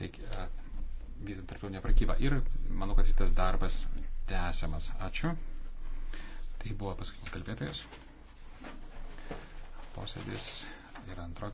taigi, e, vizą tarptautinę prekybą. Ir manau, kad šitas darbas tęsiamas. Ačiū. Tai buvo paskutinis kalbėtojas. Posėdis ir antro.